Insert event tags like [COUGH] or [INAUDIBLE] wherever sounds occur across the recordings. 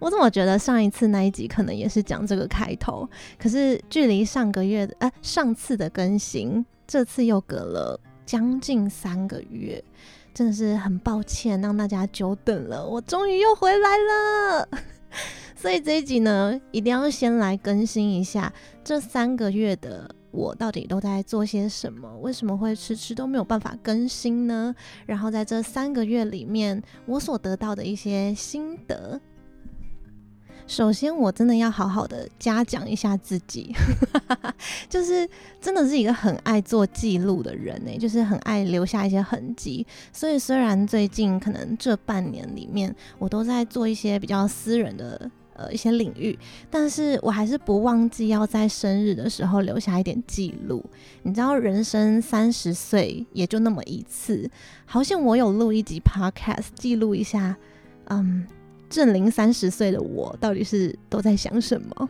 我怎麼覺得上一次那一集可能也是講這個開頭？可是距離上個月的，呃、啊，上次的更新，這次又隔了將近三個月，真的是很抱歉讓大家久等了。我終於又回來了， [LAUGHS] 所以這一集呢，一定要先來更新一下這三個月的我到底都在做些什麼？為什麼會遲遲都沒有辦法更新呢？然後在這三個月裡面，我所得到的一些心得。首先，我真的要好好的嘉獎一下自己， [LAUGHS] 就是真的是一個很愛做記錄的人呢、欸，就是很愛留下一些痕跡。所以，雖然最近可能這半年裡面我都在做一些比較私人的呃一些領域，但是我還是不忘記要在生日的時候留下一點記錄。你知道，人生三十歲也就那麼一次，好像我有錄一集 Podcast 記錄一下，嗯。正零三十歲的我，到底是都在想什麼？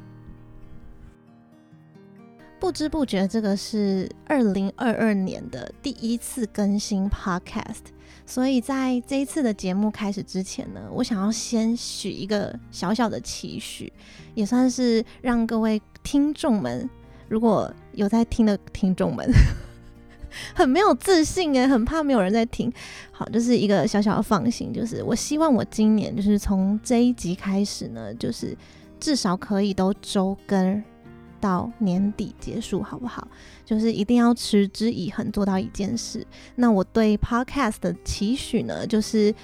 不知不覺，這個是二零二二年的第一次更新 Podcast，所以在這一次的節目開始之前呢，我想要先許一個小小的期許，也算是讓各位聽眾們，如果有在聽的聽眾們。很沒有自信誒，很怕沒有人在聽。好，就是一個小小的放心，就是我希望我今年就是從這一集開始呢，就是至少可以都週更到年底結束，好不好？就是一定要持之以恆做到一件事。那我對 Podcast 的期許呢，就是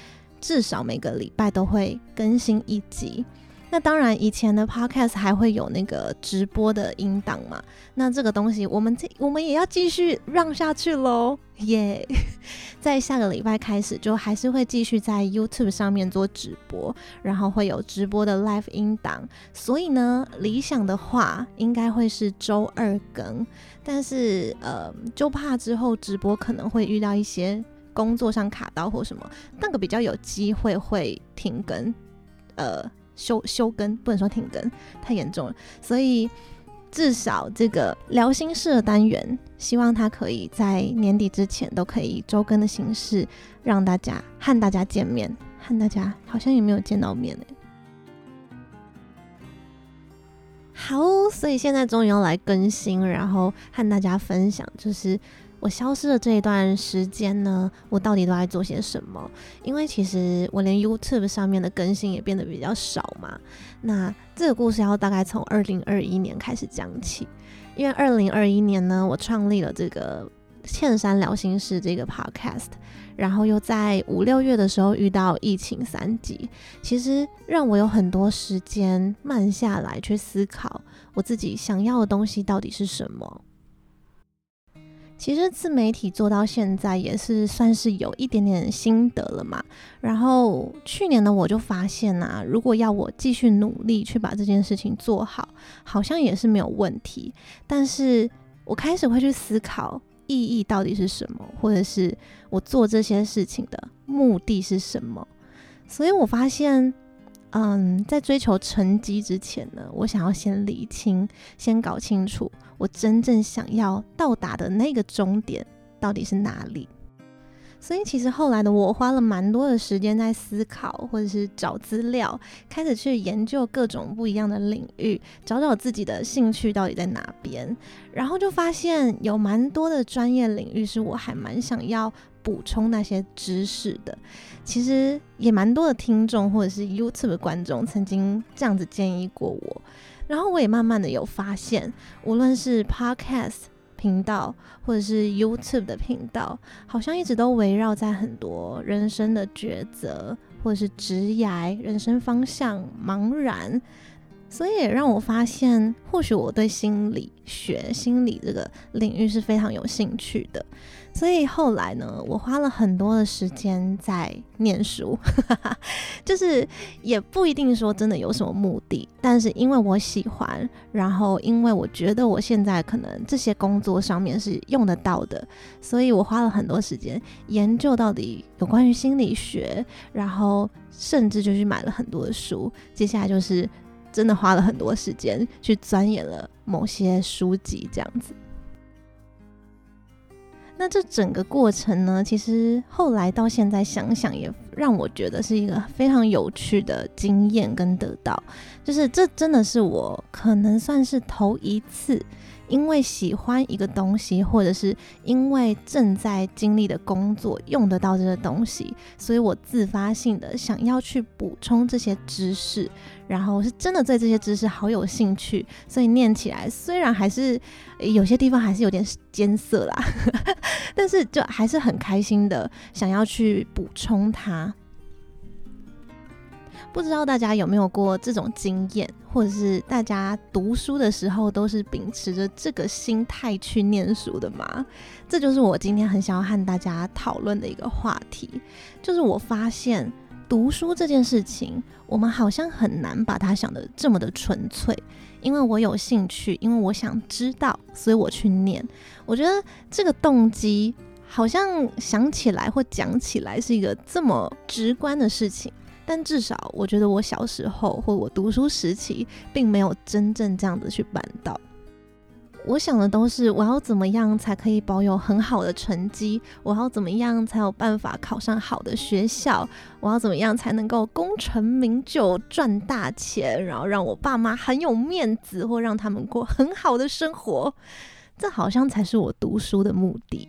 至少每個禮拜都會更新一集。那當然，以前的 podcast 還會有那個直播的音檔嘛。那這個東西我們這我們也要繼續 run 下去嘍，耶、yeah! [LAUGHS] 在下個禮拜開始，就還是會繼續在 YouTube 上面做直播，然後會有直播的 live 音檔。所以呢，理想的話應該會是周二更，但是呃，就怕之後直播可能會遇到一些工作上卡到或什麼，那個比較有機會會停更，呃。休休更不能說，停更，太嚴重了。所以至少這個聊心室的單元，希望它可以在年底之前都可以以週更的形式，讓大家和大家見面，和大家好像也沒有見到面哎。好，所以現在終於要來更新，然後和大家分享就是。我消失的這一段時間呢，我到底都在做些什麼？因為其實我連 YouTube 上面的更新也變得比較少嘛。那這個故事要大概從二零二一年開始講起，因為二零二一年呢，我創立了這個《茜珊聊心室》這個 Podcast，然後又在五六月的時候遇到疫情三級，其實讓我有很多時間慢下來去思考我自己想要的東西到底是什麼。其實自媒體做到現在也是算是有一點點心得了嘛。然後去年呢，我就發現啊，如果要我繼續努力去把這件事情做好，好像也是沒有問題。但是我開始會去思考意義到底是什麼，或者是我做這些事情的目的是什麼。所以我發現，嗯，在追求成績之前呢，我想要先釐清，先搞清楚。我真正想要到達的那個終點到底是哪裡？所以其實後來的我花了蠻多的時間在思考，或者是找資料，開始去研究各種不一樣的領域，找找自己的興趣到底在哪邊。然後就發現有蠻多的專業領域是我還蠻想要補充那些知識的。其實也蠻多的聽眾或者是 YouTube 的觀眾曾經這樣子建議過我。然後我也慢慢的有發現，無論是 Podcast 頻道，或者是 YouTube 的頻道，好像一直都圍繞在很多人生的抉擇，或者是職涯，人生方向茫然。所以也讓我發現，或許我對心理學、心理這個領域是非常有興趣的。所以後來呢，我花了很多的時間在念書， [LAUGHS] 就是也不一定說真的有什麼目的，但是因為我喜歡，然後因為我覺得我現在可能這些工作上面是用得到的，所以我花了很多時間研究到底有關於心理學，然後甚至就去買了很多的書。接下來就是。真的花了很多時間去鑽研了某些書籍，這樣子。那這整個過程呢，其實後來到現在想想，也讓我覺得是一個非常有趣的經驗跟得到，就是這真的是我可能算是頭一次。因為喜歡一個東西，或者是因為正在經歷的工作用得到這個東西，所以我自發性的想要去補充這些知識，然後我是真的對這些知識好有興趣，所以念起來雖然還是有些地方還是有點艱澀啦，呵呵，但是就還是很開心的想要去補充它。不知道大家有沒有過這種經驗，或者是大家讀書的時候都是秉持着這個心態去念書的嗎？這就是我今天很想要和大家討論的一個話題。就是我發現讀書這件事情，我們好像很難把它想得這麼的純粹。因為我有興趣，因為我想知道，所以我去念。我覺得這個動機好像想起來或講起來是一個這麼直觀的事情。但至少，我覺得我小時候或我讀書時期，並沒有真正這樣子去辦到。我想的都是，我要怎麼樣才可以保有很好的成績？我要怎麼樣才有辦法考上好的學校？我要怎麼樣才能夠功成名就、賺大錢，然後讓我爸媽很有面子，或讓他們過很好的生活？這好像才是我讀書的目的。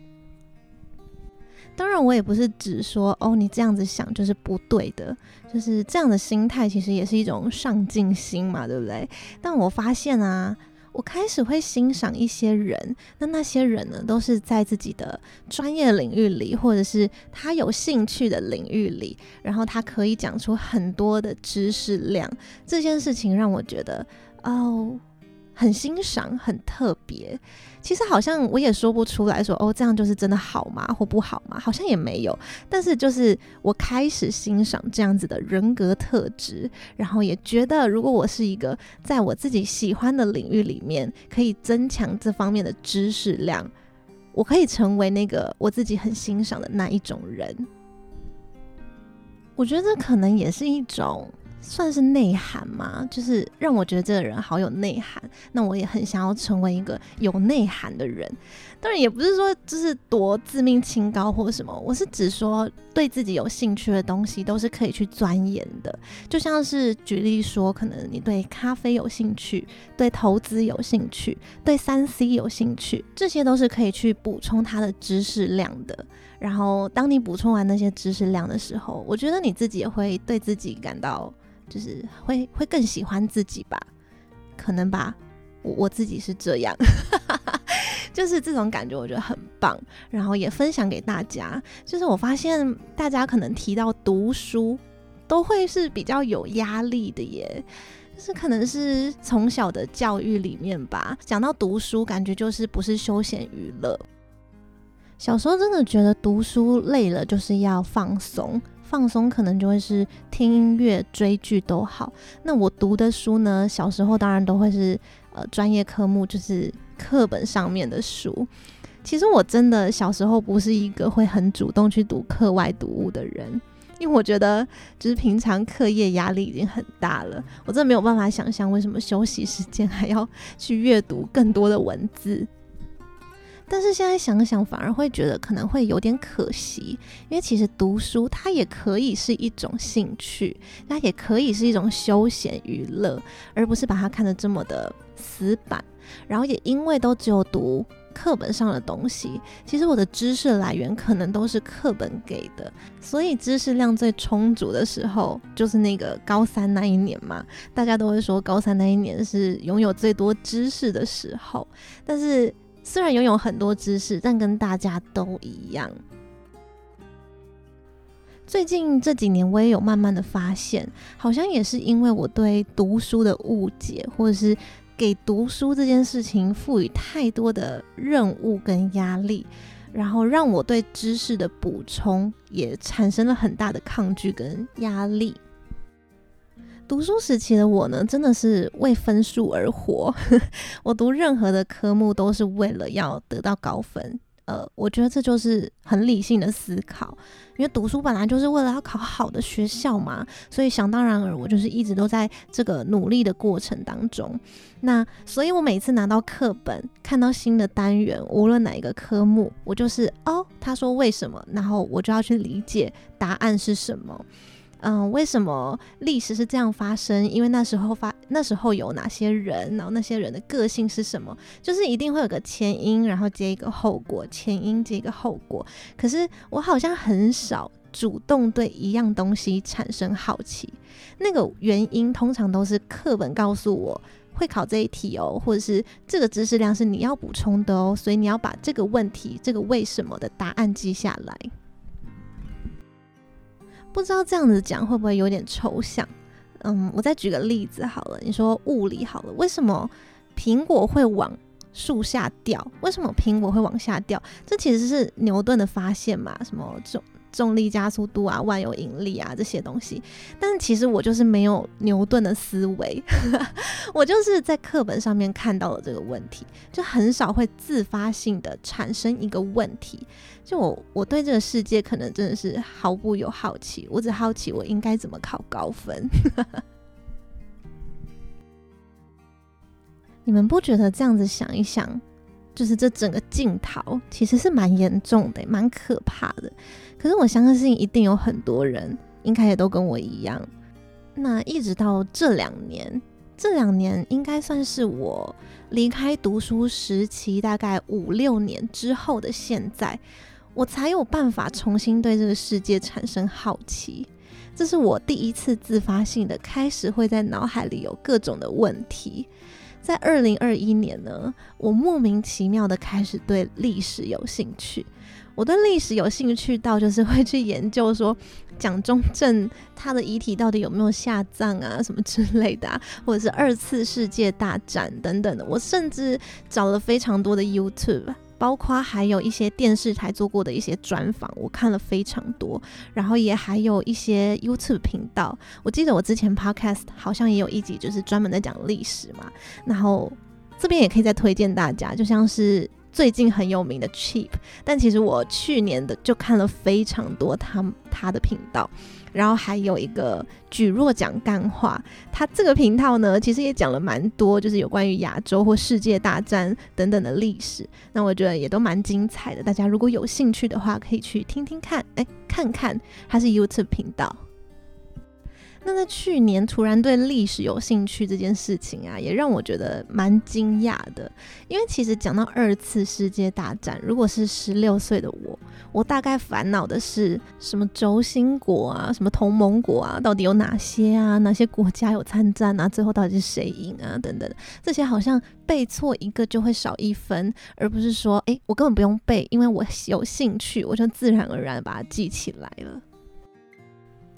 當然，我也不是指說哦，你這樣子想就是不對的，就是這樣的心態其實也是一種上進心嘛，對不對？但我發現啊，我開始會欣賞一些人，那那些人呢，都是在自己的專業領域裡，或者是他有興趣的領域裡，然後他可以講出很多的知識量，這件事情讓我覺得哦，很欣賞，很特別。其實好像我也說不出來說，說哦，這樣就是真的好嗎？或不好嗎？好像也沒有。但是就是我開始欣賞這樣子的人格特質，然後也覺得，如果我是一個在我自己喜歡的領域裡面可以增強這方面的知識量，我可以成為那個我自己很欣賞的那一種人。我覺得這可能也是一種。算是內涵嘛，就是讓我覺得這個人好有內涵。那我也很想要成為一個有內涵的人。當然也不是說就是多自命清高或什麼，我是只說對自己有興趣的東西都是可以去鑽研的。就像是舉例說，可能你對咖啡有興趣，對投資有興趣，對 3C 有興趣，這些都是可以去補充他的知識量的。然後當你補充完那些知識量的時候，我覺得你自己也會對自己感到。就是會會更喜歡自己吧，可能吧，我我自己是這樣， [LAUGHS] 就是這種感覺我覺得很棒，然後也分享給大家。就是我發現大家可能提到讀書，都會是比較有壓力的耶，就是可能是從小的教育裡面吧。講到讀書，感覺就是不是休閒娛樂，小時候真的覺得讀書累了就是要放鬆。放鬆可能就會是聽音樂、追劇都好。那我讀的書呢？小時候當然都會是呃專業科目，就是課本上面的書。其實我真的小時候不是一個會很主動去讀課外讀物的人，因為我覺得就是平常課業壓力已經很大了，我真的沒有辦法想象為什麼休息時間還要去閱讀更多的文字。但是現在想想，反而會覺得可能會有點可惜，因為其實讀書它也可以是一種興趣，它也可以是一種休閒娛樂，而不是把它看得這麼的死板。然後也因為都只有讀課本上的東西，其實我的知識來源可能都是課本給的，所以知識量最充足的時候就是那個高三那一年嘛。大家都會說高三那一年是擁有最多知識的時候，但是。雖然擁有很多知識，但跟大家都一樣。最近這幾年，我也有慢慢的發現，好像也是因為我對讀書的誤解，或者是給讀書這件事情賦予太多的任務跟壓力，然後讓我對知識的補充也產生了很大的抗拒跟壓力。讀書時期的我呢，真的是為分數而活。 [LAUGHS] 我讀任何的科目都是為了要得到高分。呃，我覺得這就是很理性的思考，因為讀書本來就是為了要考好的學校嘛，所以想當然爾我就是一直都在這個努力的過程當中。那所以，我每次拿到課本，看到新的單元，無論哪一個科目，我就是哦，他說為什麼，然後我就要去理解答案是什麼。嗯，為什麼歷史是這樣發生？因為那時候發，那時候有哪些人，然後那些人的個性是什麼？就是一定會有個前因，然後接一個後果，前因接一個後果。可是我好像很少主動對一樣東西產生好奇，那個原因通常都是課本告訴我會考這一題哦，或者是這個知識量是你要補充的哦，所以你要把這個問題，這個為什麼的答案記下來。不知道這樣子講會不會有點抽象？嗯，我再舉個例子好了。你說物理好了，為什麼蘋果會往樹下掉？為什麼蘋果會往下掉？這其實是牛頓的發現嘛，什麼這種？重力加速度啊，萬有引力啊，這些東西。但是其實我就是沒有牛頓的思維， [LAUGHS] 我就是在課本上面看到了這個問題，就很少會自發性的產生一個問題。就我我對這個世界可能真的是毫不有好奇，我只好奇我應該怎麼考高分。 [LAUGHS] 你們不覺得這樣子想一想？就是這整個鏡頭其實是蠻嚴重的、欸，蠻可怕的。可是我相信一定有很多人，應該也都跟我一樣。那一直到這兩年，這兩年應該算是我離開讀書時期大概五六年之後的現在，我才有辦法重新對這個世界產生好奇。這是我第一次自發性的開始會在腦海裡有各種的問題。在二零二一年呢，我莫名其妙的開始對歷史有興趣。我對歷史有興趣到就是會去研究說蔣中正他的遺體到底有沒有下葬啊什麼之類的、啊，或者是二次世界大戰等等的。我甚至找了非常多的 YouTube。包括還有一些電視台做過的一些專訪，我看了非常多，然後也還有一些 YouTube 頻道。我記得我之前 Podcast 好像也有一集，就是專門在講歷史嘛。然後這邊也可以再推薦大家，就像是。最近很有名的 Cheap，但其實我去年的就看了非常多他他的頻道，然後還有一個舉若講幹話，他這個頻道呢其實也講了蠻多，就是有關於亞洲或世界大戰等等的歷史，那我覺得也都蠻精彩的，大家如果有興趣的話可以去聽聽看，哎，看看，他是 YouTube 頻道。那在去年突然對歷史有興趣這件事情啊，也讓我覺得蠻驚訝的。因為其實講到二次世界大戰，如果是十六歲的我，我大概煩惱的是什麼軸心國啊，什麼同盟國啊，到底有哪些啊？哪些國家有參戰啊？最後到底是誰贏啊？等等，這些好像背錯一個就會少一分，而不是說，哎、欸，我根本不用背，因為我有興趣，我就自然而然把它記起來了。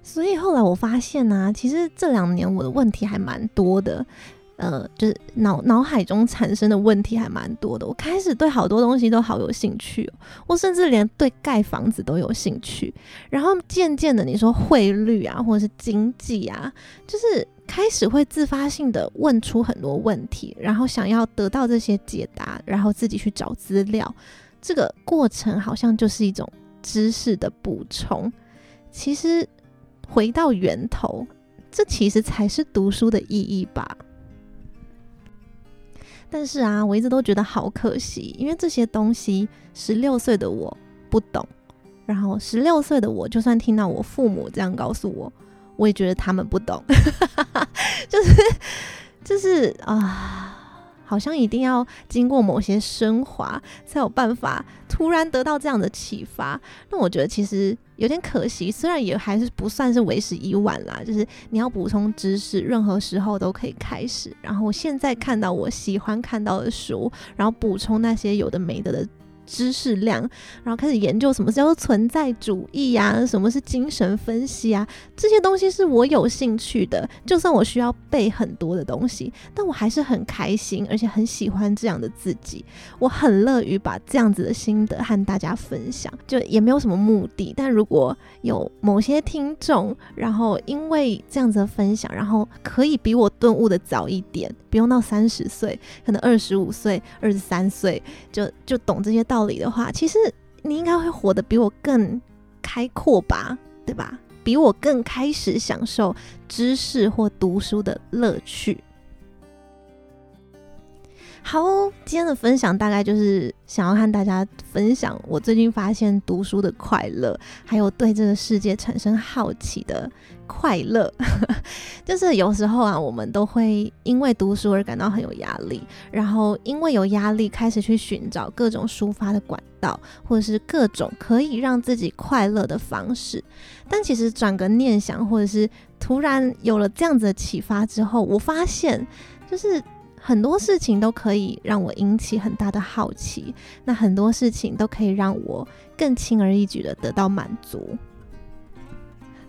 所以後來我發現呢、啊，其實這兩年我的問題還蠻多的，呃，就是腦腦海中產生的問題還蠻多的。我開始對好多東西都好有興趣，哦，我甚至連對蓋房子都有興趣。然後漸漸的，你說匯率啊，或者是經濟啊，就是開始會自發性的問出很多問題，然後想要得到這些解答，然後自己去找資料。這個過程好像就是一種知識的補充。其實。回到源頭，這其實才是讀書的意義吧。但是啊，我一直都覺得好可惜，因為這些東西，十六歲的我不懂。然後，十六歲的我就算聽到我父母這樣告訴我，我也覺得他們不懂， [LAUGHS] 就是就是啊。好像一定要經過某些升華，才有辦法突然得到這樣的啟發。那我覺得其實有點可惜，雖然也還是不算是為時已晚啦。就是你要補充知識，任何時候都可以開始。然後我現在看到我喜歡看到的書，然後補充那些有的沒的的知識量，然後開始研究什麼叫做存在主義呀、啊，什麼是精神分析啊？這些東西是我有興趣的。就算我需要背很多的東西，但我還是很開心，而且很喜歡這樣的自己。我很樂於把這樣子的心得和大家分享，就也沒有什麼目的。但如果有某些聽眾，然後因為這樣子的分享，然後可以比我頓悟的早一點，不用到三十歲，可能二十五歲、二十三歲就就懂這些道理。道理的話，其實你應該會活得比我更開闊吧，對吧？比我更開始享受知識或讀書的樂趣。好哦，今天的分享大概就是想要和大家分享我最近發現讀書的快樂，還有對這個世界產生好奇的。快樂， [LAUGHS] 就是有時候啊，我們都會因為讀書而感到很有壓力，然後因為有壓力開始去尋找各種抒發的管道，或者是各種可以讓自己快樂的方式。但其實轉個念想，或者是突然有了這樣子的啟發之後，我發現，就是很多事情都可以讓我引起很大的好奇，那很多事情都可以讓我更輕而易舉的得到滿足。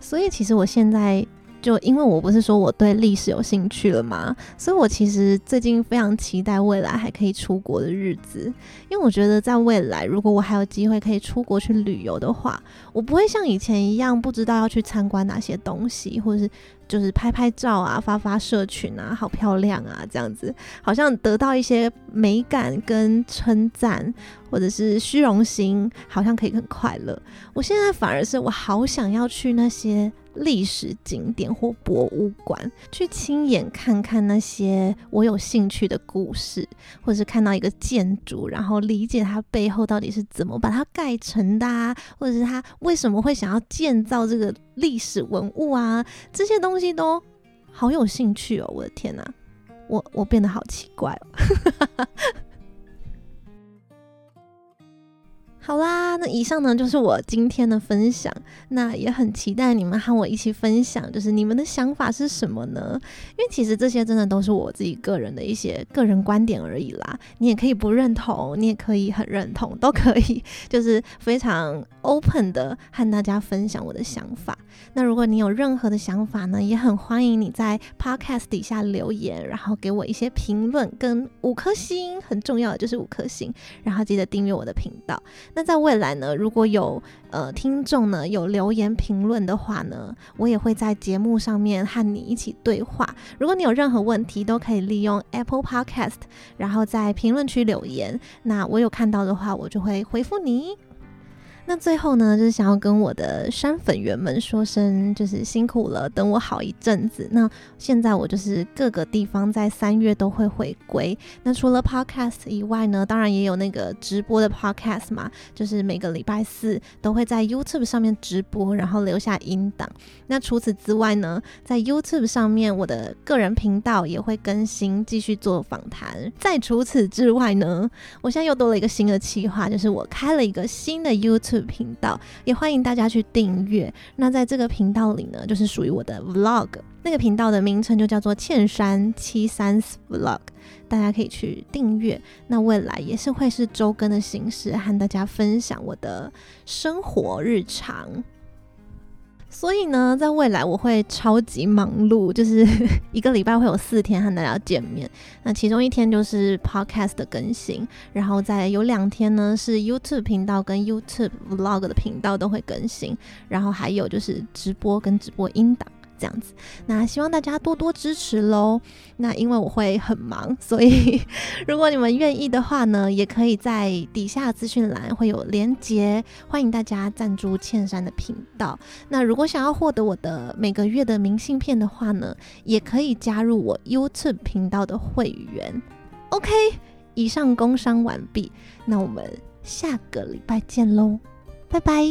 所以其實我現在就因為我不是說我對歷史有興趣了嘛，所以我其實最近非常期待未來還可以出國的日子，因為我覺得在未來，如果我還有機會可以出國去旅遊的話，我不會像以前一樣不知道要去參觀哪些東西，或者是。就是拍拍照啊，發發社群啊，好漂亮啊，這樣子好像得到一些美感跟稱讚，或者是虛榮心，好像可以很快樂。我現在反而是我好想要去那些。歷史景點或博物館，去親眼看看那些我有興趣的故事，或者是看到一個建築，然後理解它背後到底是怎麼把它蓋成的啊，或者是它為什麼會想要建造這個歷史文物啊，這些東西都好有興趣哦，我的天哪，我我變得好奇怪哦。 [LAUGHS] 好啦，那以上呢就是我今天的分享。那也很期待你們和我一起分享，就是你們的想法是什麼呢？因為其實這些真的都是我自己個人的一些個人觀點而已啦。你也可以不認同，你也可以很認同，都可以，就是非常 open 的和大家分享我的想法。那如果你有任何的想法呢，也很歡迎你在 podcast 底下留言，然後給我一些評論跟五顆星，很重要的就是五顆星，然後記得訂閱我的頻道。那在未來呢，如果有呃聽眾呢有留言評論的話呢，我也會在節目上面和你一起對話。如果你有任何問題，都可以利用 Apple Podcast，然後在評論區留言。那我有看到的話，我就會回復你。那最後呢，就是想要跟我的山粉圓們說聲，就是辛苦了，等我好一陣子。那現在我就是各個地方在三月都會回歸。那除了 Podcast 以外呢，當然也有那個直播的 Podcast 嘛，就是每個禮拜四都會在 YouTube 上面直播，然後留下音檔。那除此之外呢，在 YouTube 上面我的個人頻道也會更新，繼續做訪談。在除此之外呢，我現在又多了一個新的企劃，就是我開了一個新的 YouTube。頻道也歡迎大家去訂閱。那在這個頻道裡呢，就是屬於我的 Vlog。那個頻道的名稱就叫做“茜珊七三 Vlog”，大家可以去訂閱。那未來也是會是周更的形式，和大家分享我的生活日常。所以呢，在未來我會超級忙碌，就是一個禮拜會有四天和大家見面。那其中一天就是 podcast 的更新，然後再有兩天呢，是 YouTube 頻道跟 YouTube vlog 的頻道都會更新，然後還有就是直播跟直播音檔。這樣子，那希望大家多多支持嘍。那因為我會很忙，所以如果你們願意的話呢，也可以在底下資訊欄會有連結。歡迎大家贊助茜珊的頻道。那如果想要獲得我的每個月的明信片的話呢，也可以加入我 YouTube 頻道的會員。OK，以上工商完畢，那我們下個禮拜見嘍，拜拜。